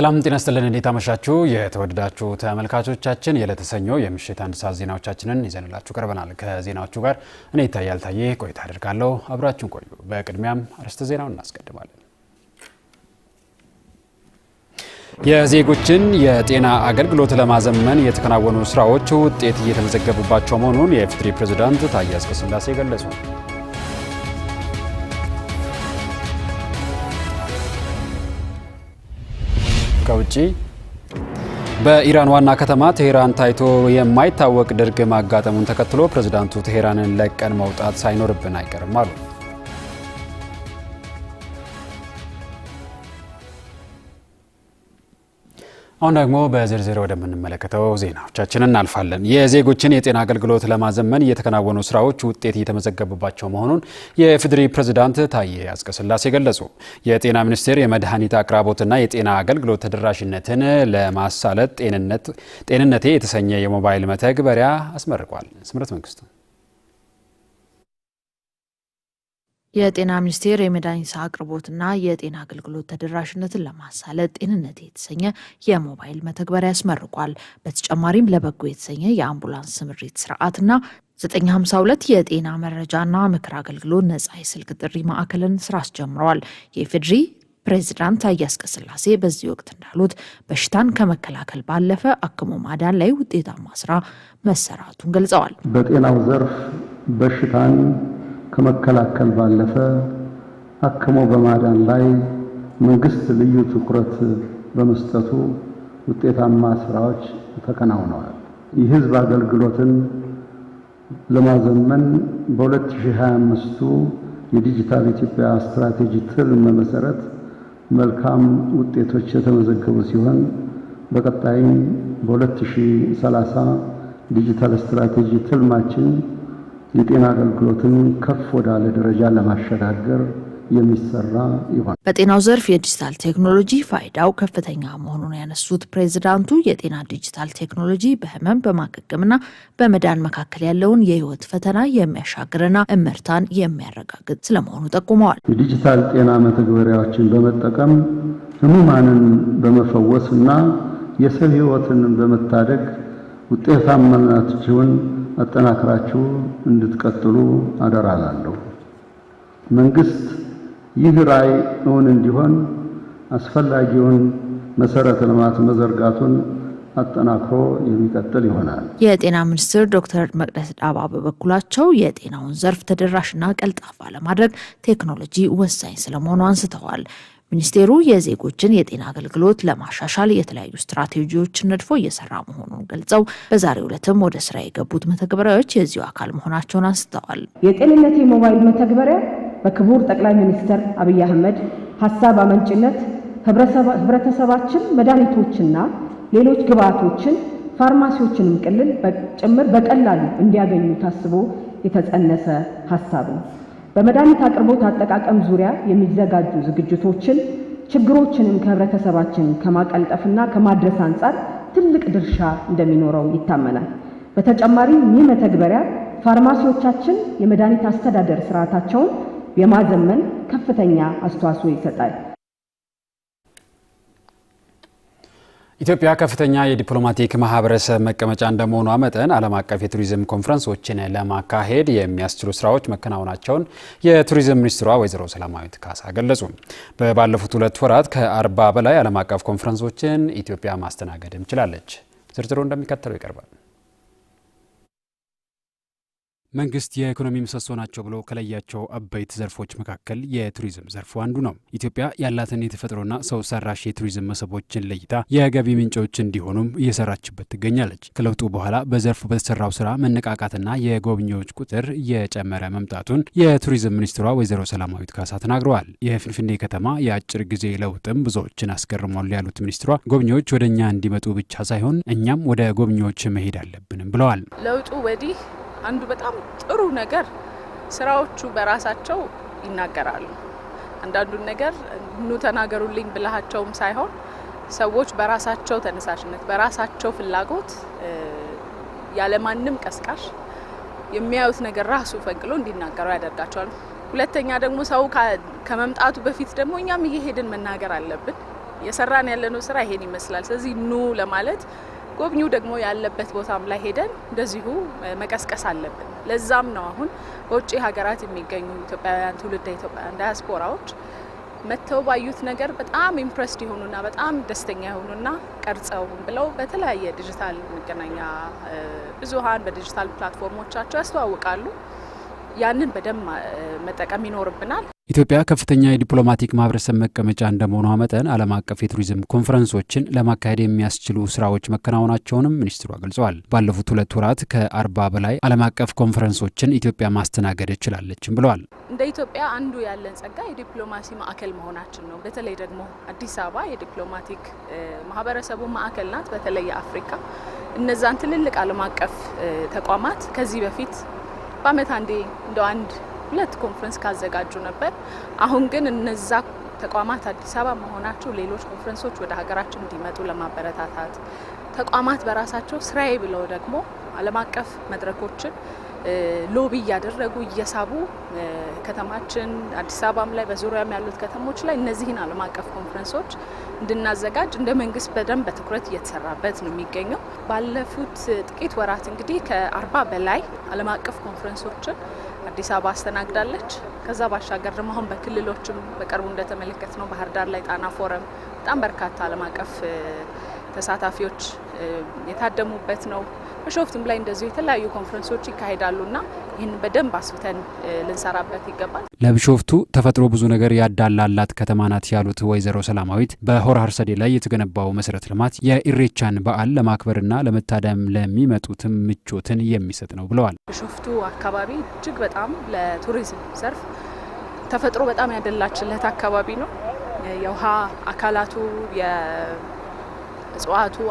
ሰላም ጤና ስጥልን። እንዴት አመሻችሁ? የተወደዳችሁ ተመልካቾቻችን የዕለተ ሰኞ የምሽት አንድ ሰዓት ዜናዎቻችንን ይዘንላችሁ ቀርበናል። ከዜናዎቹ ጋር እኔ ይታያል ታዬ ቆይታ አድርጋለሁ። አብራችሁን ቆዩ። በቅድሚያም አርዕስተ ዜናውን እናስቀድማለን። የዜጎችን የጤና አገልግሎት ለማዘመን የተከናወኑ ስራዎች ውጤት እየተመዘገቡባቸው መሆኑን የኢፌዴሪ ፕሬዝዳንት ታዬ አጽቀሥላሴ ገለጹ። ከውጪ በኢራን ዋና ከተማ ቴሄራን ታይቶ የማይታወቅ ድርቅ ማጋጠሙን ተከትሎ ፕሬዚዳንቱ ቴሄራንን ለቀን መውጣት ሳይኖርብን አይቀርም አሉ። አሁን ደግሞ በዝርዝር ወደምንመለከተው ዜናዎቻችን እናልፋለን። የዜጎችን የጤና አገልግሎት ለማዘመን የተከናወኑ ስራዎች ውጤት እየተመዘገበባቸው መሆኑን የኢፌዴሪ ፕሬዝዳንት ታዬ አጽቀሥላሴ ገለጹ። የጤና ሚኒስቴር የመድኃኒት አቅራቦትና የጤና አገልግሎት ተደራሽነትን ለማሳለጥ ጤንነቴ የተሰኘ የሞባይል መተግበሪያ አስመርቋል። ስምረት መንግስቱ የጤና ሚኒስቴር የመድኃኒት አቅርቦትና የጤና አገልግሎት ተደራሽነትን ለማሳለጥ ጤንነት የተሰኘ የሞባይል መተግበሪያ ያስመርቋል። በተጨማሪም ለበጎ የተሰኘ የአምቡላንስ ስምሪት ስርዓትና 952 የጤና መረጃና ምክር አገልግሎት ነጻ የስልክ ጥሪ ማዕከልን ስራ አስጀምረዋል። የኢፌዴሪ ፕሬዚዳንት ታዬ አጽቀሥላሴ በዚህ ወቅት እንዳሉት በሽታን ከመከላከል ባለፈ አክሞ ማዳን ላይ ውጤታማ ስራ መሰራቱን ገልጸዋል። በጤናው ዘርፍ በሽታን ከመከላከል ባለፈ አክሞ በማዳን ላይ መንግስት ልዩ ትኩረት በመስጠቱ ውጤታማ ስራዎች ተከናውነዋል። የህዝብ አገልግሎትን ለማዘመን በ2025ቱ የዲጂታል ኢትዮጵያ ስትራቴጂ ትልም መሰረት መልካም ውጤቶች የተመዘገቡ ሲሆን በቀጣይም በ2030 ዲጂታል ስትራቴጂ ትልማችን የጤና አገልግሎትን ከፍ ወዳለ ደረጃ ለማሸጋገር የሚሰራ ይሆናል። በጤናው ዘርፍ የዲጂታል ቴክኖሎጂ ፋይዳው ከፍተኛ መሆኑን ያነሱት ፕሬዚዳንቱ የጤና ዲጂታል ቴክኖሎጂ በህመም በማገገምና በመዳን መካከል ያለውን የህይወት ፈተና የሚያሻግርና እመርታን የሚያረጋግጥ ስለመሆኑ ጠቁመዋል። የዲጂታል ጤና መተግበሪያዎችን በመጠቀም ህሙማንን በመፈወስ እና የሰው ህይወትን በመታደግ ውጤታማነታቸውን አጠናክራችሁ እንድትቀጥሉ አደራላለሁ። መንግስት ይህ ራዕይ እውን እንዲሆን አስፈላጊውን መሰረተ ልማት መዘርጋቱን አጠናክሮ የሚቀጥል ይሆናል። የጤና ሚኒስትር ዶክተር መቅደስ ዳባ በበኩላቸው የጤናውን ዘርፍ ተደራሽና ቀልጣፋ ለማድረግ ቴክኖሎጂ ወሳኝ ስለመሆኑ አንስተዋል። ሚኒስቴሩ የዜጎችን የጤና አገልግሎት ለማሻሻል የተለያዩ ስትራቴጂዎችን ነድፎ እየሰራ መሆኑን ገልጸው በዛሬው ዕለትም ወደ ስራ የገቡት መተግበሪያዎች የዚሁ አካል መሆናቸውን አንስተዋል። የጤንነት የሞባይል መተግበሪያ በክቡር ጠቅላይ ሚኒስትር አብይ አህመድ ሀሳብ አመንጭነት ህብረተሰባችን መድኃኒቶችና ሌሎች ግብዓቶችን ፋርማሲዎችንም ቅልል ጭምር በቀላሉ እንዲያገኙ ታስቦ የተጸነሰ ሀሳብ ነው። በመድኃኒት አቅርቦት አጠቃቀም ዙሪያ የሚዘጋጁ ዝግጅቶችን ችግሮችንም ከህብረተሰባችን ከማቀልጠፍና ከማድረስ አንጻር ትልቅ ድርሻ እንደሚኖረው ይታመናል። በተጨማሪም ይህ መተግበሪያ ፋርማሲዎቻችን የመድኃኒት አስተዳደር ስርዓታቸውን የማዘመን ከፍተኛ አስተዋጽኦ ይሰጣል። ኢትዮጵያ ከፍተኛ የዲፕሎማቲክ ማህበረሰብ መቀመጫ እንደመሆኗ መጠን ዓለም አቀፍ የቱሪዝም ኮንፈረንሶችን ለማካሄድ የሚያስችሉ ስራዎች መከናወናቸውን የቱሪዝም ሚኒስትሯ ወይዘሮ ሰላማዊት ካሳ ገለጹ። በባለፉት ሁለት ወራት ከአርባ በላይ ዓለም አቀፍ ኮንፈረንሶችን ኢትዮጵያ ማስተናገድም ችላለች። ዝርዝሩ እንደሚከተለው ይቀርባል። መንግስት የኢኮኖሚ ምሰሶ ናቸው ብሎ ከለያቸው አበይት ዘርፎች መካከል የቱሪዝም ዘርፉ አንዱ ነው። ኢትዮጵያ ያላትን የተፈጥሮና ሰው ሰራሽ የቱሪዝም መስህቦችን ለይታ የገቢ ምንጮች እንዲሆኑም እየሰራችበት ትገኛለች። ከለውጡ በኋላ በዘርፉ በተሰራው ስራ መነቃቃትና የጎብኚዎች ቁጥር እየጨመረ መምጣቱን የቱሪዝም ሚኒስትሯ ወይዘሮ ሰላማዊት ካሳ ተናግረዋል። የፍንፍኔ ከተማ የአጭር ጊዜ ለውጥም ብዙዎችን አስገርሟል ያሉት ሚኒስትሯ ጎብኚዎች ወደ እኛ እንዲመጡ ብቻ ሳይሆን እኛም ወደ ጎብኚዎች መሄድ አለብንም ብለዋል። ለውጡ ወዲህ አንዱ በጣም ጥሩ ነገር ስራዎቹ በራሳቸው ይናገራሉ። አንዳንዱን ነገር ኑ ተናገሩልኝ ብላቸውም ሳይሆን ሰዎች በራሳቸው ተነሳሽነት በራሳቸው ፍላጎት ያለማንም ቀስቃሽ የሚያዩት ነገር ራሱ ፈንቅሎ እንዲናገረው ያደርጋቸዋል። ሁለተኛ ደግሞ ሰው ከመምጣቱ በፊት ደግሞ እኛም እየሄድን መናገር አለብን። የሰራን ያለነው ስራ ይሄን ይመስላል፣ ስለዚህ ኑ ለማለት ጎብኚው ደግሞ ያለበት ቦታም ላይ ሄደን እንደዚሁ መቀስቀስ አለብን። ለዛም ነው አሁን በውጭ ሀገራት የሚገኙ ኢትዮጵያውያን ትውልድ ኢትዮጵያውያን ዳያስፖራዎች መጥተው ባዩት ነገር በጣም ኢምፕረስድ የሆኑና በጣም ደስተኛ የሆኑና ቀርጸውን ብለው በተለያየ ዲጂታል መገናኛ ብዙሀን በዲጂታል ፕላትፎርሞቻቸው ያስተዋውቃሉ። ያንን በደንብ መጠቀም ይኖርብናል። ኢትዮጵያ ከፍተኛ የዲፕሎማቲክ ማህበረሰብ መቀመጫ እንደመሆኗ መጠን ዓለም አቀፍ የቱሪዝም ኮንፈረንሶችን ለማካሄድ የሚያስችሉ ስራዎች መከናወናቸውንም ሚኒስትሯ ገልጸዋል። ባለፉት ሁለት ወራት ከአርባ በላይ ዓለም አቀፍ ኮንፈረንሶችን ኢትዮጵያ ማስተናገድ ችላለችም ብለዋል። እንደ ኢትዮጵያ አንዱ ያለን ጸጋ የዲፕሎማሲ ማዕከል መሆናችን ነው። በተለይ ደግሞ አዲስ አበባ የዲፕሎማቲክ ማህበረሰቡ ማዕከል ናት። በተለይ የአፍሪካ እነዛን ትልልቅ ዓለም አቀፍ ተቋማት ከዚህ በፊት በአመት አንዴ እንደ አንድ ሁለት ኮንፈረንስ ካዘጋጁ ነበር። አሁን ግን እነዛ ተቋማት አዲስ አበባ መሆናቸው ሌሎች ኮንፈረንሶች ወደ ሀገራችን እንዲመጡ ለማበረታታት ተቋማት በራሳቸው ስራዬ ብለው ደግሞ ዓለም አቀፍ መድረኮችን ሎቢ እያደረጉ እየሳቡ ከተማችን አዲስ አበባም ላይ በዙሪያም ያሉት ከተሞች ላይ እነዚህን ዓለም አቀፍ ኮንፈረንሶች እንድናዘጋጅ እንደ መንግስት በደንብ በትኩረት እየተሰራበት ነው የሚገኘው። ባለፉት ጥቂት ወራት እንግዲህ ከአርባ በላይ ዓለም አቀፍ ኮንፈረንሶችን አዲስ አበባ አስተናግዳለች። ከዛ ባሻገር ደግሞ አሁን በክልሎችም በቅርቡ እንደተመለከት ነው ባህር ዳር ላይ ጣና ፎረም በጣም በርካታ ዓለም አቀፍ ተሳታፊዎች የታደሙበት ነው። ቢሾፍቱም ላይ እንደዚሁ የተለያዩ ኮንፈረንሶች ይካሄዳሉና ይህን በደንብ አስፍተን ልንሰራበት ይገባል። ለቢሾፍቱ ተፈጥሮ ብዙ ነገር ያዳላላት ከተማ ናት ያሉት ወይዘሮ ሰላማዊት በሆር ሀርሰዴ ላይ የተገነባው መሰረተ ልማት የኢሬቻን በዓል ለማክበርና ለመታደም ለሚመጡትም ምቾትን የሚሰጥ ነው ብለዋል። ቢሾፍቱ አካባቢ እጅግ በጣም ለቱሪዝም ዘርፍ ተፈጥሮ በጣም ያደላችለት አካባቢ ነው። የውሃ አካላቱ፣ የእጽዋቱ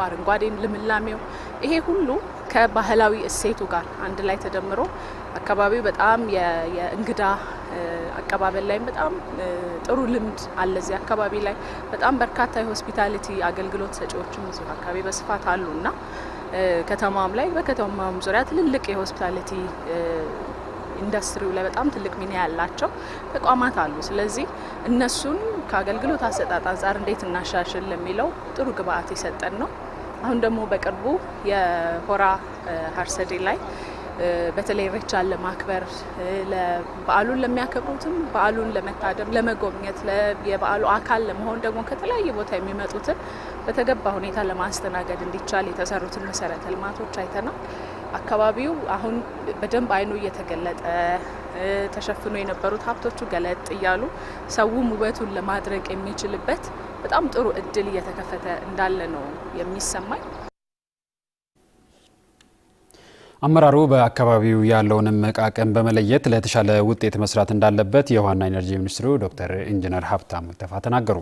አረንጓዴ ልምላሜው ይሄ ሁሉ ከባህላዊ እሴቱ ጋር አንድ ላይ ተደምሮ አካባቢው በጣም የእንግዳ አቀባበል ላይም በጣም ጥሩ ልምድ አለ። እዚህ አካባቢ ላይ በጣም በርካታ የሆስፒታሊቲ አገልግሎት ሰጪዎችም እዚሁ አካባቢ በስፋት አሉ እና ከተማም ላይ በከተማም ዙሪያ ትልልቅ የሆስፒታሊቲ ኢንዱስትሪው ላይ በጣም ትልቅ ሚና ያላቸው ተቋማት አሉ። ስለዚህ እነሱን ከአገልግሎት አሰጣጥ አንጻር እንዴት እናሻሽል ለሚለው ጥሩ ግብአት የሰጠን ነው። አሁን ደግሞ በቅርቡ የሆራ ሀርሰዴ ላይ በተለይ ኢሬቻን ለማክበር በዓሉን ለሚያከብሩትም በዓሉን ለመታደም ለመጎብኘት የበዓሉ አካል ለመሆን ደግሞ ከተለያየ ቦታ የሚመጡትን በተገባ ሁኔታ ለማስተናገድ እንዲቻል የተሰሩትን መሰረተ ልማቶች አይተናል። አካባቢው አሁን በደንብ አይኑ እየተገለጠ ተሸፍኖ የነበሩት ሀብቶቹ ገለጥ እያሉ ሰውም ውበቱን ለማድረግ የሚችልበት በጣም ጥሩ እድል እየተከፈተ እንዳለ ነው የሚሰማኝ። አመራሩ በአካባቢው ያለውን መቃቀም በመለየት ለተሻለ ውጤት መስራት እንዳለበት የውሃና ኢነርጂ ሚኒስትሩ ዶክተር ኢንጂነር ሀብታሙ ተፋ ተናገሩ።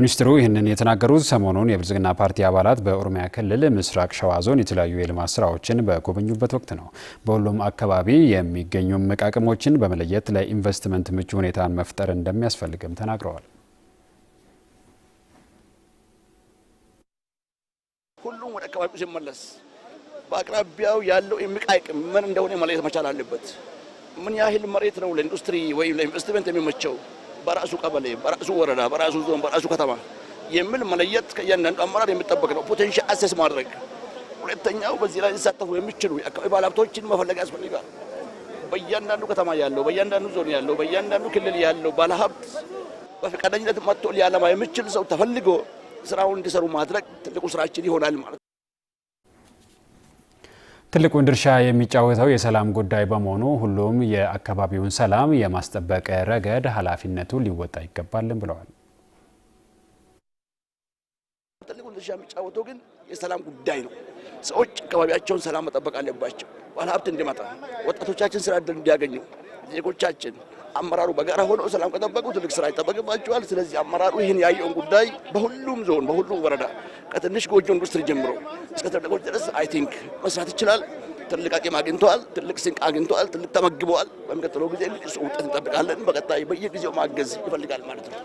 ሚኒስትሩ ይህንን የተናገሩት ሰሞኑን የብልጽግና ፓርቲ አባላት በኦሮሚያ ክልል ምስራቅ ሸዋ ዞን የተለያዩ የልማት ስራዎችን በጎበኙበት ወቅት ነው። በሁሉም አካባቢ የሚገኙ መቃቀሞችን በመለየት ለኢንቨስትመንት ምቹ ሁኔታን መፍጠር እንደሚያስፈልግም ተናግረዋል። አካባቢ ሲመለስ በአቅራቢያው ያለው የሚቃይቅ ምን እንደሆነ መለየት መቻል አለበት። ምን ያህል መሬት ነው ለኢንዱስትሪ ወይም ለኢንቨስትመንት የሚመቸው በራሱ ቀበሌ፣ በራሱ ወረዳ፣ በራሱ ዞን፣ በራሱ ከተማ የሚል መለየት ከእያንዳንዱ አመራር የሚጠበቅ ነው። ፖቴንሻል አሴስ ማድረግ። ሁለተኛው በዚህ ላይ ሊሳተፉ የሚችሉ የአካባቢ ባለሀብቶችን መፈለግ ያስፈልጋል። በእያንዳንዱ ከተማ ያለው፣ በእያንዳንዱ ዞን ያለው፣ በእያንዳንዱ ክልል ያለው ባለሀብት በፈቃደኝነት መጥቶ ሊያለማ የሚችል ሰው ተፈልጎ ስራውን እንዲሰሩ ማድረግ ትልቁ ስራችን ይሆናል ማለት ነው። ትልቁን ድርሻ የሚጫወተው የሰላም ጉዳይ በመሆኑ ሁሉም የአካባቢውን ሰላም የማስጠበቅ ረገድ ሀላፊነቱ ሊወጣ ይገባልን ብለዋል። ትልቁን ድርሻ የሚጫወተው ግን የሰላም ጉዳይ ነው። ሰዎች አካባቢያቸውን ሰላም መጠበቅ አለባቸው። ባለሀብት እንዲመጣ፣ ወጣቶቻችን ስራ እድል እንዲያገኙ፣ ዜጎቻችን አመራሩ በጋራ ሆኖ ሰላም ከጠበቁ ትልቅ ስራ ይጠበቅባቸዋል። ስለዚህ አመራሩ ይህን ያየውን ጉዳይ በሁሉም ዞን፣ በሁሉም ወረዳ ከትንሽ ጎጆ ኢንዱስትሪ ጀምሮ እስከ ትልቆች ድረስ አይ ቲንክ መስራት ይችላል። ትልቅ አቅም አግኝተዋል። ትልቅ ስንቅ አግኝተዋል። ትልቅ ተመግበዋል። በሚቀጥለው ጊዜ እንግዲህ እሱ ውጤት እንጠብቃለን። በቀጣይ በየጊዜው ማገዝ ይፈልጋል ማለት ነው።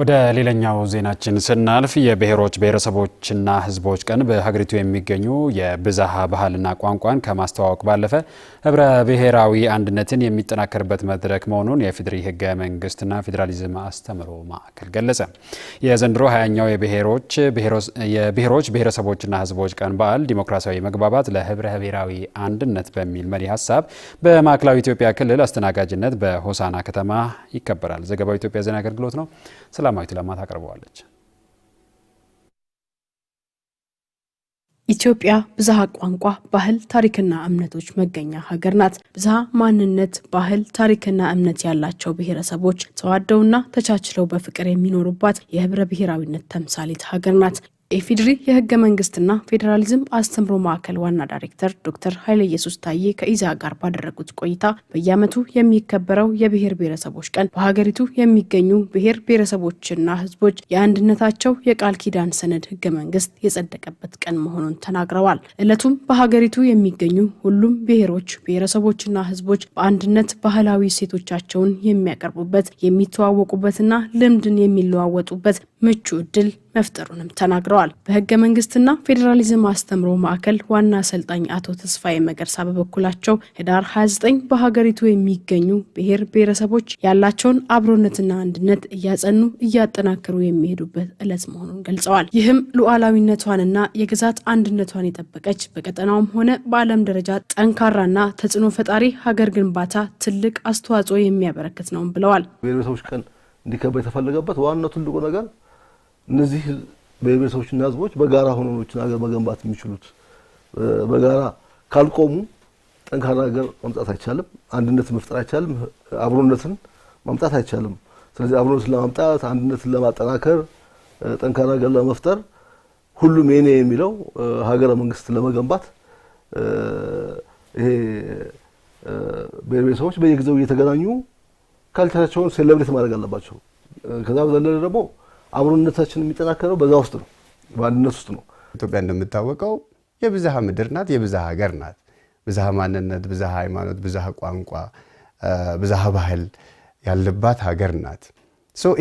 ወደ ሌላኛው ዜናችን ስናልፍ የብሔሮች ብሔረሰቦችና ሕዝቦች ቀን በሀገሪቱ የሚገኙ የብዝሃ ባህልና ቋንቋን ከማስተዋወቅ ባለፈ ህብረ ብሔራዊ አንድነትን የሚጠናከርበት መድረክ መሆኑን የፌዴሪ ህገ መንግስትና ፌዴራሊዝም አስተምሮ ማዕከል ገለጸ። የዘንድሮ ሀያኛው የብሔሮች ብሔረሰቦችና ሕዝቦች ቀን በዓል ዲሞክራሲያዊ መግባባት ለህብረ ብሔራዊ አንድነት በሚል መሪ ሀሳብ በማዕከላዊ ኢትዮጵያ ክልል አስተናጋጅነት በሆሳና ከተማ ይከበራል። ዘገባው ኢትዮጵያ ዜና አገልግሎት ነው። ሰላማዊት ለማ ታቀርበዋለች። ኢትዮጵያ ብዝሃ ቋንቋ፣ ባህል፣ ታሪክና እምነቶች መገኛ ሀገር ናት። ብዝሃ ማንነት፣ ባህል፣ ታሪክና እምነት ያላቸው ብሔረሰቦች ተዋደውና ተቻችለው በፍቅር የሚኖሩባት የህብረ ብሔራዊነት ተምሳሌት ሀገር ናት። የኢፌዴሪ የህገ መንግስትና ፌዴራሊዝም አስተምሮ ማዕከል ዋና ዳይሬክተር ዶክተር ኃይለ ኢየሱስ ታዬ ከኢዛ ጋር ባደረጉት ቆይታ በየዓመቱ የሚከበረው የብሔር ብሔረሰቦች ቀን በሀገሪቱ የሚገኙ ብሔር ብሔረሰቦችና ህዝቦች የአንድነታቸው የቃል ኪዳን ሰነድ ህገ መንግስት የጸደቀበት ቀን መሆኑን ተናግረዋል። እለቱም በሀገሪቱ የሚገኙ ሁሉም ብሔሮች ብሔረሰቦችና ህዝቦች በአንድነት ባህላዊ ሴቶቻቸውን የሚያቀርቡበት የሚተዋወቁበትና ልምድን የሚለዋወጡበት ምቹ እድል መፍጠሩንም ተናግረዋል። በህገ መንግስትና ፌዴራሊዝም አስተምሮ ማዕከል ዋና አሰልጣኝ አቶ ተስፋዬ መገርሳ በበኩላቸው ህዳር 29 በሀገሪቱ የሚገኙ ብሔር ብሔረሰቦች ያላቸውን አብሮነትና አንድነት እያጸኑ እያጠናከሩ የሚሄዱበት ዕለት መሆኑን ገልጸዋል። ይህም ሉዓላዊነቷንና የግዛት አንድነቷን የጠበቀች በቀጠናውም ሆነ በዓለም ደረጃ ጠንካራና ተጽዕኖ ፈጣሪ ሀገር ግንባታ ትልቅ አስተዋጽኦ የሚያበረክት ነው ብለዋል። ብሔረሰቦች ቀን እንዲከበር የተፈለገበት ዋናው ትልቁ ነገር እነዚህ ብሔረሰቦችና ህዝቦች በጋራ ሆኖ ሀገር መገንባት የሚችሉት። በጋራ ካልቆሙ ጠንካራ ሀገር ማምጣት አይቻልም። አንድነት መፍጠር አይቻልም። አብሮነትን ማምጣት አይቻልም። ስለዚህ አብሮነትን ለማምጣት አንድነትን ለማጠናከር ጠንካራ ሀገር ለመፍጠር ሁሉም የኔ የሚለው ሀገረ መንግስት ለመገንባት ይሄ ብሔረሰቦች በየጊዜው እየተገናኙ ካልቸራቸውን ሴሌብሬት ማድረግ አለባቸው። ከዛ በዘለለ ደግሞ አብሮነታችን የሚጠናከረው በዛ ውስጥ ነው፣ በአንድነት ውስጥ ነው። ኢትዮጵያ እንደምታወቀው የብዝሃ ምድር ናት፣ የብዝሃ ሀገር ናት። ብዝሃ ማንነት፣ ብዝሃ ሃይማኖት፣ ብዝሃ ቋንቋ፣ ብዝሃ ባህል ያለባት ሀገር ናት።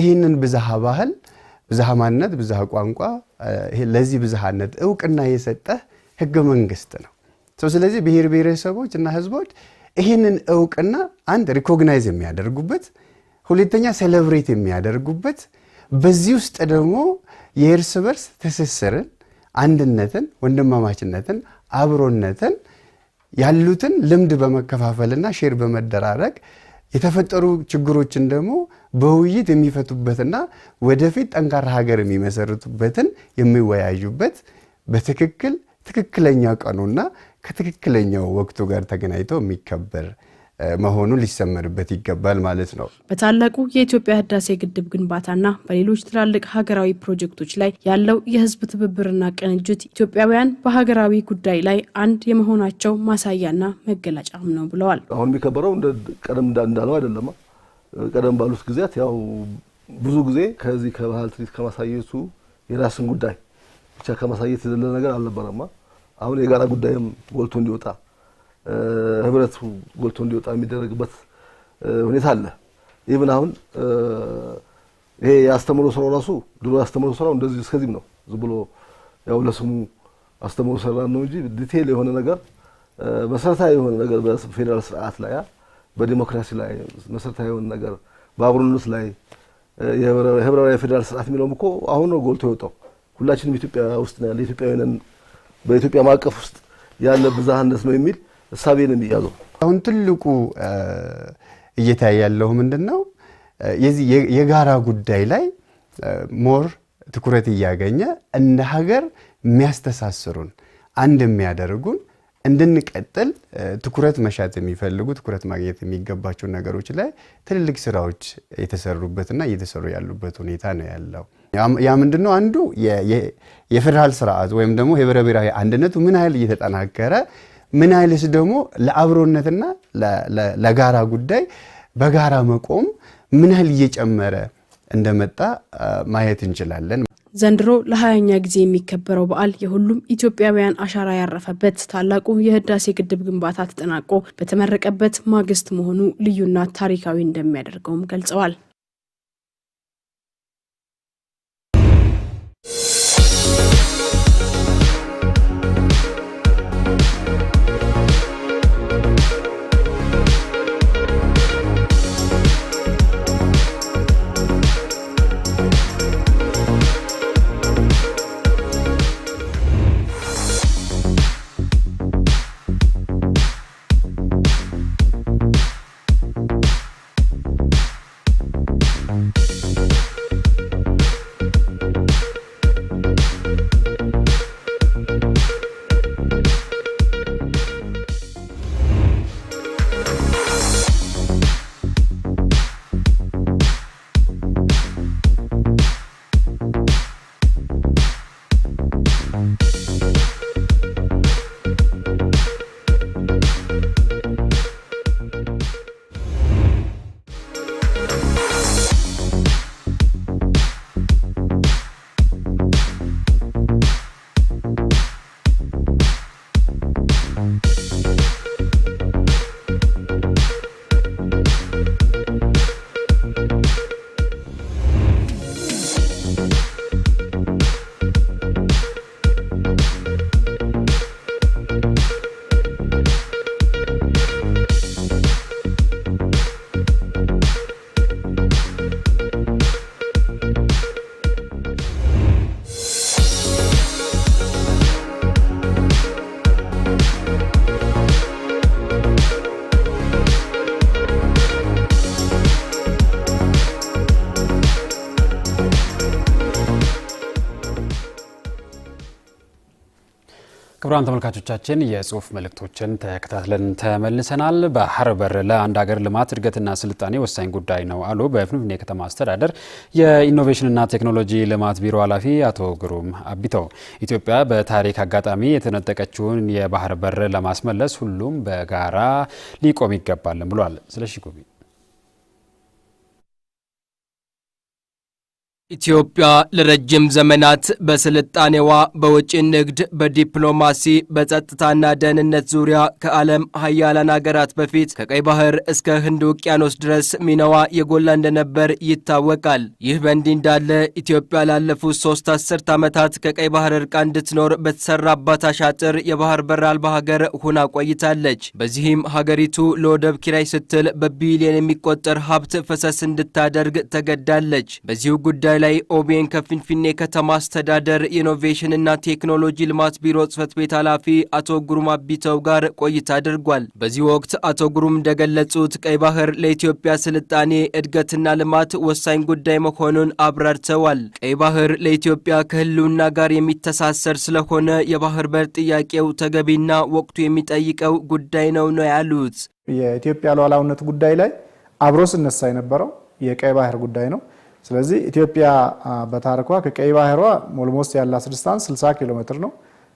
ይህንን ብዝሃ ባህል፣ ብዝሃ ማንነት፣ ብዝሃ ቋንቋ ለዚህ ብዝሃነት እውቅና የሰጠ ህገ መንግስት ነው። ስለዚህ ብሔር ብሔረሰቦች እና ህዝቦች ይህንን እውቅና አንድ ሪኮግናይዝ የሚያደርጉበት ሁለተኛ ሴሌብሬት የሚያደርጉበት በዚህ ውስጥ ደግሞ የእርስ በርስ ትስስርን፣ አንድነትን፣ ወንድማማችነትን፣ አብሮነትን ያሉትን ልምድ በመከፋፈልና ሼር በመደራረግ የተፈጠሩ ችግሮችን ደግሞ በውይይት የሚፈቱበትና ወደፊት ጠንካራ ሀገር የሚመሰርቱበትን የሚወያዩበት በትክክል ትክክለኛ ቀኑና ከትክክለኛው ወቅቱ ጋር ተገናኝቶ የሚከበር መሆኑን ሊሰመርበት ይገባል ማለት ነው። በታላቁ የኢትዮጵያ ህዳሴ ግድብ ግንባታና በሌሎች ትላልቅ ሀገራዊ ፕሮጀክቶች ላይ ያለው የህዝብ ትብብርና ቅንጅት ኢትዮጵያውያን በሀገራዊ ጉዳይ ላይ አንድ የመሆናቸው ማሳያና መገለጫም ነው ብለዋል። አሁን የሚከበረው እንደ ቀደም እንዳለው አይደለም። ቀደም ባሉት ጊዜያት ያው ብዙ ጊዜ ከዚህ ከባህል ትርኢት ከማሳየቱ የራስን ጉዳይ ብቻ ከማሳየት የዘለ ነገር አልነበረማ። አሁን የጋራ ጉዳይም ጎልቶ እንዲወጣ ህብረቱ ጎልቶ እንዲወጣ የሚደረግበት ሁኔታ አለ። ይህን አሁን ይሄ የአስተምሮ ስራው ራሱ ድሮ የአስተምሮ ስራው እንደዚህ እስከዚህም ነው። ዝም ብሎ ያው ለስሙ አስተምሮ ስራ ነው እንጂ ዲቴል የሆነ ነገር መሰረታዊ የሆነ ነገር በፌዴራል ስርዓት ላይ በዲሞክራሲ ላይ መሰረታዊ የሆነ ነገር በአብሮነት ላይ የህብራዊ ፌዴራል ስርዓት የሚለውም እኮ አሁን ነው ጎልቶ የወጣው። ሁላችንም ኢትዮጵያ ውስጥ ነው ያለ ኢትዮጵያውያን በኢትዮጵያ ማዕቀፍ ውስጥ ያለ ብዝሃነት ነው የሚል እሳቤ ነው የሚያዘው። አሁን ትልቁ እየታየ ያለው ምንድን ነው? የዚህ የጋራ ጉዳይ ላይ ሞር ትኩረት እያገኘ እንደ ሀገር የሚያስተሳስሩን አንድ የሚያደርጉን እንድንቀጥል ትኩረት መሻት የሚፈልጉ ትኩረት ማግኘት የሚገባቸው ነገሮች ላይ ትልልቅ ስራዎች የተሰሩበትና እየተሰሩ ያሉበት ሁኔታ ነው ያለው። ያ ምንድነው? አንዱ የፌዴራል ስርዓት ወይም ደግሞ የብሔረ ብሔራዊ አንድነቱ ምን ያህል እየተጠናከረ ምን አይልስ ደግሞ ለአብሮነትና ለጋራ ጉዳይ በጋራ መቆም ምን ያህል እየጨመረ እንደመጣ ማየት እንችላለን። ዘንድሮ ለሀያኛ ጊዜ የሚከበረው በዓል የሁሉም ኢትዮጵያውያን አሻራ ያረፈበት ታላቁ የህዳሴ ግድብ ግንባታ ተጠናቆ በተመረቀበት ማግስት መሆኑ ልዩና ታሪካዊ እንደሚያደርገውም ገልጸዋል። ክቡራን ተመልካቾቻችን የጽሁፍ መልእክቶችን ተከታትለን ተመልሰናል። ባህር በር ለአንድ ሀገር ልማት እድገትና ስልጣኔ ወሳኝ ጉዳይ ነው አሉ በፍንፍኔ ከተማ አስተዳደር የኢኖቬሽንና ቴክኖሎጂ ልማት ቢሮ ኃላፊ አቶ ግሩም አቢተው። ኢትዮጵያ በታሪክ አጋጣሚ የተነጠቀችውን የባህር በር ለማስመለስ ሁሉም በጋራ ሊቆም ይገባልን ብሏል። ስለሺ ጉቢ ኢትዮጵያ ለረጅም ዘመናት በስልጣኔዋ በውጭ ንግድ፣ በዲፕሎማሲ፣ በጸጥታና ደህንነት ዙሪያ ከዓለም ሀያላን አገራት በፊት ከቀይ ባህር እስከ ህንድ ውቅያኖስ ድረስ ሚናዋ የጎላ እንደነበር ይታወቃል። ይህ በእንዲህ እንዳለ ኢትዮጵያ ላለፉት ሶስት አስርት ዓመታት ከቀይ ባህር እርቃ እንድትኖር በተሰራባት አሻጥር የባህር በር አልባ ሀገር ሁና ቆይታለች። በዚህም ሀገሪቱ ለወደብ ኪራይ ስትል በቢሊዮን የሚቆጠር ሀብት ፈሰስ እንድታደርግ ተገዳለች። በዚሁ ጉዳይ ላይ ኦቤን ከፊንፊኔ ከተማ አስተዳደር ኢኖቬሽንና ቴክኖሎጂ ልማት ቢሮ ጽህፈት ቤት ኃላፊ አቶ ጉሩም አቢተው ጋር ቆይታ አድርጓል። በዚህ ወቅት አቶ ጉሩም እንደገለጹት ቀይ ባህር ለኢትዮጵያ ስልጣኔ እድገትና ልማት ወሳኝ ጉዳይ መሆኑን አብራርተዋል። ቀይ ባህር ለኢትዮጵያ ከህልውና ጋር የሚተሳሰር ስለሆነ የባህር በር ጥያቄው ተገቢና ወቅቱ የሚጠይቀው ጉዳይ ነው ነው ያሉት። የኢትዮጵያ ሉዓላዊነት ጉዳይ ላይ አብሮ ስነሳ የነበረው የቀይ ባህር ጉዳይ ነው። ስለዚህ ኢትዮጵያ በታሪኳ ከቀይ ባህሯ ሞልሞስ ያላት ዲስታንስ 60 ኪሎ ሜትር ነው።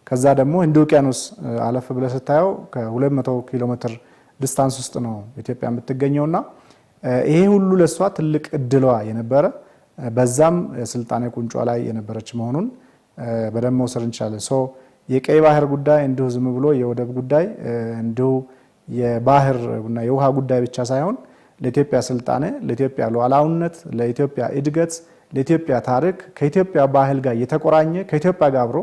ከዛ ደግሞ ህንድ ውቅያኖስ አለፍ ብለ ስታየው ከ200 ኪሎ ሜትር ዲስታንስ ውስጥ ነው ኢትዮጵያ የምትገኘውና ይሄ ሁሉ ለእሷ ትልቅ እድሏ የነበረ በዛም ስልጣኔ ቁንጯ ላይ የነበረች መሆኑን በደንብ መውሰድ እንችላለን። ሶ የቀይ ባህር ጉዳይ እንዲሁ ዝም ብሎ የወደብ ጉዳይ እንዲሁ የባህር እና የውሃ ጉዳይ ብቻ ሳይሆን ለኢትዮጵያ ስልጣኔ፣ ለኢትዮጵያ ሉዓላዊነት፣ ለኢትዮጵያ እድገት፣ ለኢትዮጵያ ታሪክ ከኢትዮጵያ ባህል ጋር የተቆራኘ ከኢትዮጵያ ጋር አብሮ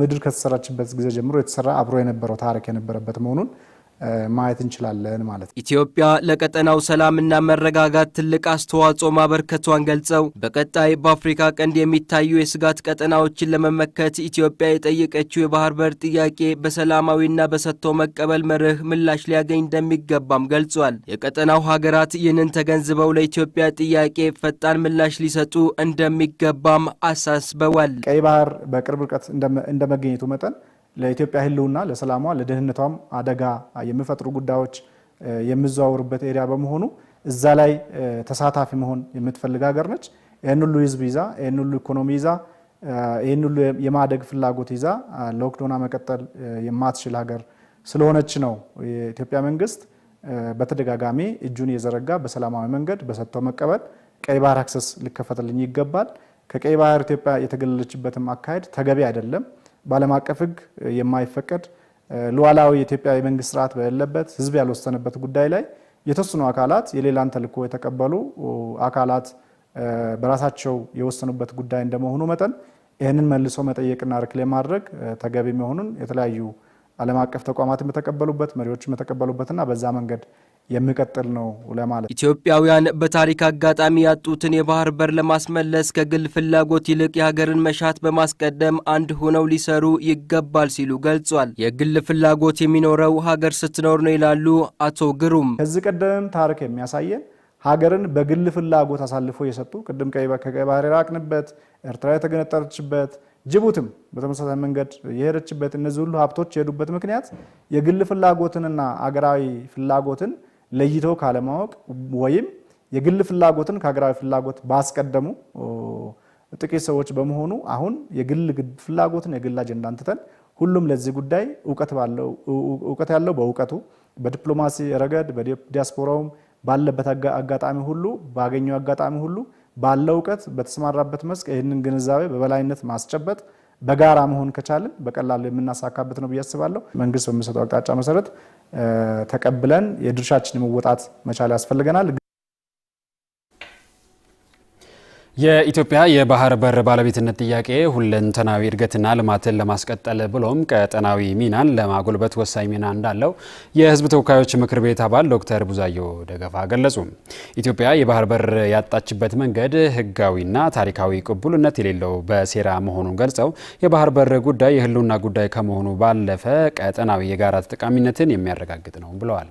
ምድር ከተሰራችበት ጊዜ ጀምሮ የተሰራ አብሮ የነበረው ታሪክ የነበረበት መሆኑን ማየት እንችላለን ማለት ነው። ኢትዮጵያ ለቀጠናው ሰላምና መረጋጋት ትልቅ አስተዋጽኦ ማበርከቷን ገልጸው በቀጣይ በአፍሪካ ቀንድ የሚታዩ የስጋት ቀጠናዎችን ለመመከት ኢትዮጵያ የጠየቀችው የባህር በር ጥያቄ በሰላማዊና በሰጥቶ መቀበል መርህ ምላሽ ሊያገኝ እንደሚገባም ገልጿል። የቀጠናው ሀገራት ይህንን ተገንዝበው ለኢትዮጵያ ጥያቄ ፈጣን ምላሽ ሊሰጡ እንደሚገባም አሳስበዋል። ቀይ ባህር በቅርብ ርቀት እንደመገኘቱ መጠን ለኢትዮጵያ ህልውና ለሰላሟ፣ ለደህንነቷም አደጋ የሚፈጥሩ ጉዳዮች የሚዘዋወሩበት ኤሪያ በመሆኑ እዛ ላይ ተሳታፊ መሆን የምትፈልግ ሀገር ነች። ይህን ሁሉ ህዝብ ይዛ፣ ይህን ሁሉ ኢኮኖሚ ይዛ፣ ይህን ሁሉ የማደግ ፍላጎት ይዛ ሎክዶና መቀጠል የማትችል ሀገር ስለሆነች ነው የኢትዮጵያ መንግስት በተደጋጋሚ እጁን የዘረጋ በሰላማዊ መንገድ በሰጥቶ መቀበል ቀይ ባህር አክሰስ ሊከፈትልኝ ይገባል፣ ከቀይ ባህር ኢትዮጵያ የተገለለችበትም አካሄድ ተገቢ አይደለም በዓለም አቀፍ ሕግ የማይፈቀድ ሉዓላዊ የኢትዮጵያ የመንግስት ስርዓት በሌለበት ህዝብ ያልወሰነበት ጉዳይ ላይ የተወሰኑ አካላት የሌላን ተልኮ የተቀበሉ አካላት በራሳቸው የወሰኑበት ጉዳይ እንደመሆኑ መጠን ይህንን መልሶ መጠየቅና ርክሌም ማድረግ ተገቢ መሆኑን የተለያዩ ዓለም አቀፍ ተቋማትን በተቀበሉበት መሪዎችን በተቀበሉበትና በዛ መንገድ የሚቀጥል ነው ለማለት ኢትዮጵያውያን በታሪክ አጋጣሚ ያጡትን የባህር በር ለማስመለስ ከግል ፍላጎት ይልቅ የሀገርን መሻት በማስቀደም አንድ ሆነው ሊሰሩ ይገባል ሲሉ ገልጿል። የግል ፍላጎት የሚኖረው ሀገር ስትኖር ነው ይላሉ አቶ ግሩም። ከዚህ ቀደም ታሪክ የሚያሳየን ሀገርን በግል ፍላጎት አሳልፎ የሰጡ ቅድም ከቀይ ባህር የራቅንበት፣ ኤርትራ የተገነጠረችበት ጅቡትም በተመሳሳይ መንገድ የሄደችበት እነዚህ ሁሉ ሀብቶች የሄዱበት ምክንያት የግል ፍላጎትንና አገራዊ ፍላጎትን ለይቶ ካለማወቅ ወይም የግል ፍላጎትን ከሀገራዊ ፍላጎት ባስቀደሙ ጥቂት ሰዎች በመሆኑ አሁን የግል ፍላጎትን የግል አጀንዳን ትተን ሁሉም ለዚህ ጉዳይ እውቀት ያለው በእውቀቱ በዲፕሎማሲ ረገድ በዲያስፖራውም ባለበት አጋጣሚ ሁሉ ባገኘው አጋጣሚ ሁሉ ባለው እውቀት በተሰማራበት መስክ ይህንን ግንዛቤ በበላይነት ማስጨበጥ በጋራ መሆን ከቻልን በቀላሉ የምናሳካበት ነው ብዬ አስባለሁ። መንግስት በሚሰጠው አቅጣጫ መሰረት ተቀብለን የድርሻችን መወጣት መቻል ያስፈልገናል። የኢትዮጵያ የባህር በር ባለቤትነት ጥያቄ ሁለንተናዊ እድገትና ልማትን ለማስቀጠል ብሎም ቀጠናዊ ሚናን ለማጎልበት ወሳኝ ሚና እንዳለው የሕዝብ ተወካዮች ምክር ቤት አባል ዶክተር ቡዛዮ ደገፋ ገለጹ። ኢትዮጵያ የባህር በር ያጣችበት መንገድ ሕጋዊና ታሪካዊ ቅቡልነት የሌለው በሴራ መሆኑን ገልጸው የባህር በር ጉዳይ የህልውና ጉዳይ ከመሆኑ ባለፈ ቀጠናዊ የጋራ ተጠቃሚነትን የሚያረጋግጥ ነው ብለዋል።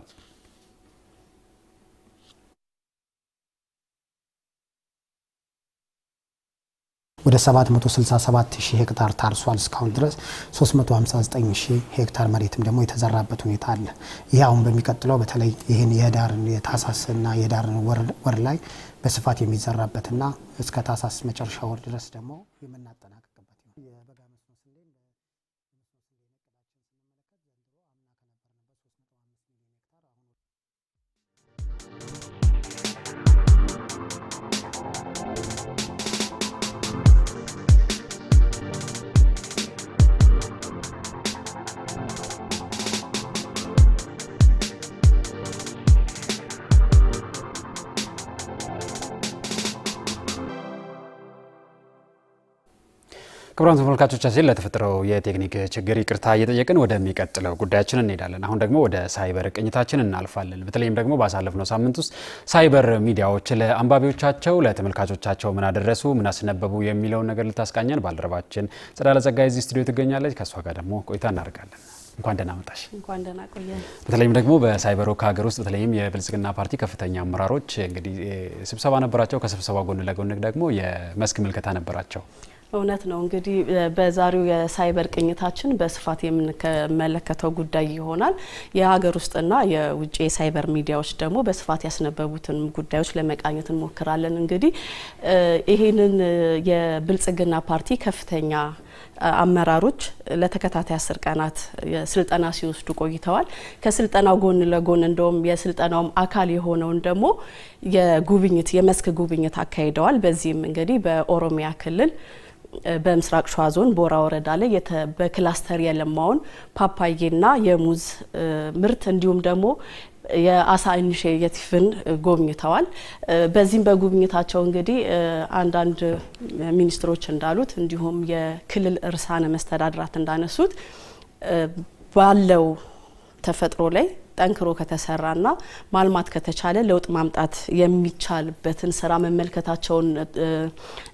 ወደ 767 ሺህ ሄክታር ታርሷል። እስካሁን ድረስ 359 ሺህ ሄክታር መሬትም ደግሞ የተዘራበት ሁኔታ አለ። ይህ አሁን በሚቀጥለው በተለይ ይህን የህዳርን የታሳስና የህዳርን ወር ላይ በስፋት የሚዘራበትና እስከ ታሳስ መጨረሻ ወር ድረስ ደግሞ የምናጠናቀ ክቡራን ተመልካቾቻችን ለተፈጠረው የቴክኒክ ችግር ይቅርታ እየጠየቅን ወደሚቀጥለው ጉዳያችን እንሄዳለን። አሁን ደግሞ ወደ ሳይበር ቅኝታችን እናልፋለን። በተለይም ደግሞ ባሳለፍነው ሳምንት ውስጥ ሳይበር ሚዲያዎች ለአንባቢዎቻቸው፣ ለተመልካቾቻቸው ምን አደረሱ፣ ምን አስነበቡ የሚለውን ነገር ልታስቃኘን ባልደረባችን ጸዳለ ጸጋይ እዚህ ስቱዲዮ ትገኛለች። ከእሷ ጋር ደግሞ ቆይታ እናደርጋለን። እንኳን ደህና መጣሽ። እንኳን ደህና ቆየን። በተለይም ደግሞ በሳይበር ወክ ውስጥ በተለይም የብልጽግና ፓርቲ ከፍተኛ አመራሮች እንግዲህ ስብሰባ ነበራቸው። ከስብሰባ ጎን ለጎን ደግሞ የመስክ ምልከታ ነበራቸው። እውነት ነው። እንግዲህ በዛሬው የሳይበር ቅኝታችን በስፋት የምንመለከተው ጉዳይ ይሆናል። የሀገር ውስጥና የውጭ የሳይበር ሚዲያዎች ደግሞ በስፋት ያስነበቡትን ጉዳዮች ለመቃኘት እንሞክራለን። እንግዲህ ይህንን የብልጽግና ፓርቲ ከፍተኛ አመራሮች ለተከታታይ አስር ቀናት ስልጠና ሲወስዱ ቆይተዋል። ከስልጠናው ጎን ለጎን እንደውም የስልጠናውም አካል የሆነውን ደግሞ የጉብኝት የመስክ ጉብኝት አካሂደዋል። በዚህም እንግዲህ በኦሮሚያ ክልል በምስራቅ ሸዋ ዞን ቦራ ወረዳ ላይ በክላስተር የለማውን ፓፓዬና የሙዝ ምርት እንዲሁም ደግሞ የአሳ ኢኒሽቲቭን ጎብኝተዋል። በዚህም በጉብኝታቸው እንግዲህ አንዳንድ ሚኒስትሮች እንዳሉት እንዲሁም የክልል እርሳነ መስተዳድራት እንዳነሱት ባለው ተፈጥሮ ላይ ጠንክሮ ከተሰራና ማልማት ከተቻለ ለውጥ ማምጣት የሚቻልበትን ስራ መመልከታቸውን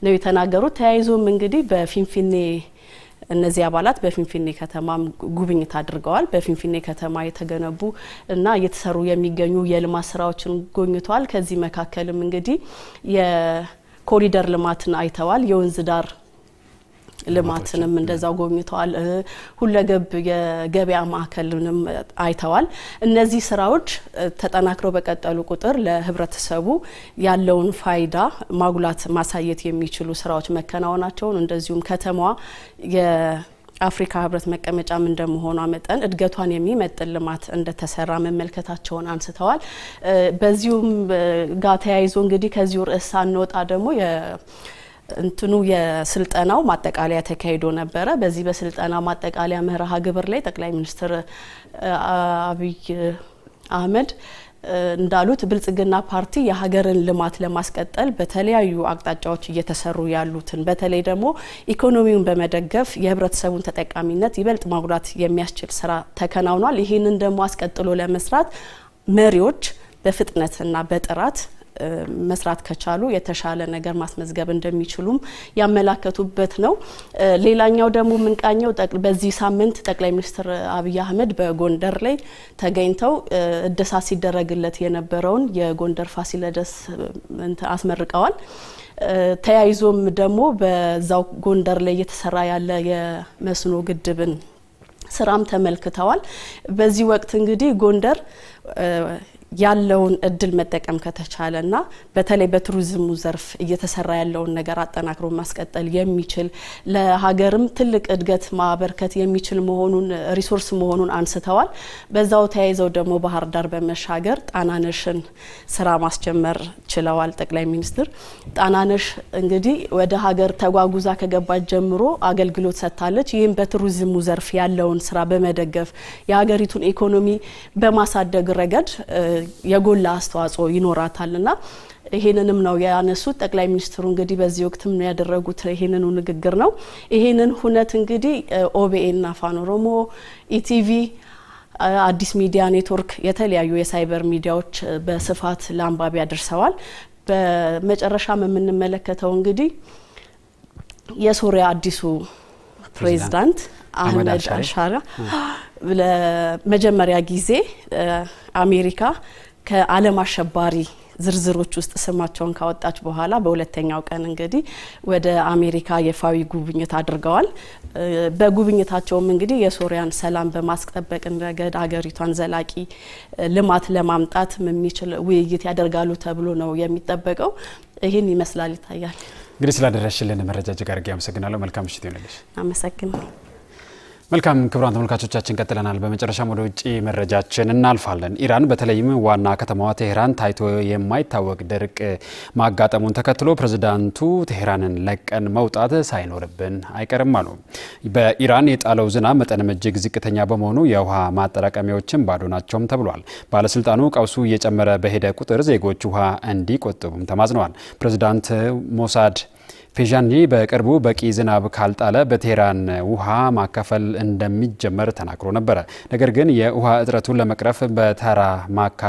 ነው የተናገሩት። ተያይዞም እንግዲህ በፊንፊኔ እነዚህ አባላት በፊንፊኔ ከተማ ጉብኝት አድርገዋል። በፊንፊኔ ከተማ የተገነቡ እና እየተሰሩ የሚገኙ የልማት ስራዎችን ጎብኝተዋል። ከዚህ መካከልም እንግዲህ የኮሪደር ልማትን አይተዋል። የወንዝ ዳር ልማትንም እንደዛው ጎብኝተዋል። ሁለገብ የገበያ ማዕከልንም አይተዋል። እነዚህ ስራዎች ተጠናክረው በቀጠሉ ቁጥር ለህብረተሰቡ ያለውን ፋይዳ ማጉላት ማሳየት የሚችሉ ስራዎች መከናወናቸውን እንደዚሁም ከተማዋ አፍሪካ ህብረት መቀመጫም እንደመሆኗ መጠን እድገቷን የሚመጥን ልማት እንደተሰራ መመልከታቸውን አንስተዋል። በዚሁም ጋር ተያይዞ እንግዲህ ከዚሁ ርዕስ አንወጣ ደግሞ እንትኑ የስልጠናው ማጠቃለያ ተካሂዶ ነበረ። በዚህ በስልጠና ማጠቃለያ መርሃ ግብር ላይ ጠቅላይ ሚኒስትር አብይ አህመድ እንዳሉት ብልጽግና ፓርቲ የሀገርን ልማት ለማስቀጠል በተለያዩ አቅጣጫዎች እየተሰሩ ያሉትን በተለይ ደግሞ ኢኮኖሚውን በመደገፍ የህብረተሰቡን ተጠቃሚነት ይበልጥ ማጉላት የሚያስችል ስራ ተከናውኗል። ይህንን ደግሞ አስቀጥሎ ለመስራት መሪዎች በፍጥነትና በጥራት መስራት ከቻሉ የተሻለ ነገር ማስመዝገብ እንደሚችሉም ያመላከቱበት ነው። ሌላኛው ደግሞ የምንቃኘው በዚህ ሳምንት ጠቅላይ ሚኒስትር አብይ አህመድ በጎንደር ላይ ተገኝተው እድሳት ሲደረግለት የነበረውን የጎንደር ፋሲለደስ አስመርቀዋል። ተያይዞም ደግሞ በዛው ጎንደር ላይ እየተሰራ ያለ የመስኖ ግድብን ስራም ተመልክተዋል። በዚህ ወቅት እንግዲህ ጎንደር ያለውን እድል መጠቀም ከተቻለ ና በተለይ በቱሪዝሙ ዘርፍ እየተሰራ ያለውን ነገር አጠናክሮ ማስቀጠል የሚችል ለሀገርም ትልቅ እድገት ማበርከት የሚችል መሆኑን ሪሶርስ መሆኑን አንስተዋል። በዛው ተያይዘው ደግሞ ባህር ዳር በመሻገር ጣናነሽን ስራ ማስጀመር ችለዋል ጠቅላይ ሚኒስትር። ጣናነሽ እንግዲህ ወደ ሀገር ተጓጉዛ ከገባች ጀምሮ አገልግሎት ሰጥታለች። ይህም በቱሪዝሙ ዘርፍ ያለውን ስራ በመደገፍ የሀገሪቱን ኢኮኖሚ በማሳደግ ረገድ የጎላ አስተዋጽኦ ይኖራታልና ይሄንንም ነው ያነሱት ጠቅላይ ሚኒስትሩ እንግዲህ በዚህ ወቅትም ነው ያደረጉት ይሄንኑ ንግግር ነው። ይሄንን ሁነት እንግዲህ ኦቢኤን፣ አፋን ኦሮሞ፣ ኢቲቪ አዲስ ሚዲያ ኔትወርክ የተለያዩ የሳይበር ሚዲያዎች በስፋት ለአንባቢ አድርሰዋል። በመጨረሻም የምንመለከተው እንግዲህ የሶሪያ አዲሱ ፕሬዚዳንት አህመድ አልሻራ ለመጀመሪያ ጊዜ አሜሪካ ከዓለም አሸባሪ ዝርዝሮች ውስጥ ስማቸውን ካወጣች በኋላ በሁለተኛው ቀን እንግዲህ ወደ አሜሪካ የፋዊ ጉብኝት አድርገዋል። በጉብኝታቸውም እንግዲህ የሶሪያን ሰላም በማስጠበቅ ረገድ አገሪቷን ዘላቂ ልማት ለማምጣት የሚችል ውይይት ያደርጋሉ ተብሎ ነው የሚጠበቀው። ይህን ይመስላል ይታያል። እንግዲህ ስላደረሽልን መረጃ እጅግ አድርጌ አመሰግናለሁ። መልካም ምሽት ይሆንልሽ። አመሰግናለሁ። መልካም ክቡራን ተመልካቾቻችን ቀጥለናል። በመጨረሻም ወደ ውጭ መረጃችን እናልፋለን። ኢራን በተለይም ዋና ከተማዋ ቴሄራን ታይቶ የማይታወቅ ድርቅ ማጋጠሙን ተከትሎ ፕሬዝዳንቱ ቴሄራንን ለቀን መውጣት ሳይኖርብን አይቀርም አሉ። በኢራን የጣለው ዝናብ መጠንም እጅግ ዝቅተኛ በመሆኑ የውሃ ማጠራቀሚያዎችን ባዶ ናቸውም ተብሏል። ባለስልጣኑ ቀውሱ እየጨመረ በሄደ ቁጥር ዜጎች ውሃ እንዲቆጥቡም ተማጽነዋል። ፕሬዝዳንት ሞሳድ ፔዣንጂ በቅርቡ በቂ ዝናብ ካልጣለ በቴህራን ውሃ ማካፈል እንደሚጀመር ተናግሮ ነበረ። ነገር ግን የውሃ እጥረቱን ለመቅረፍ በተራ ማካፈል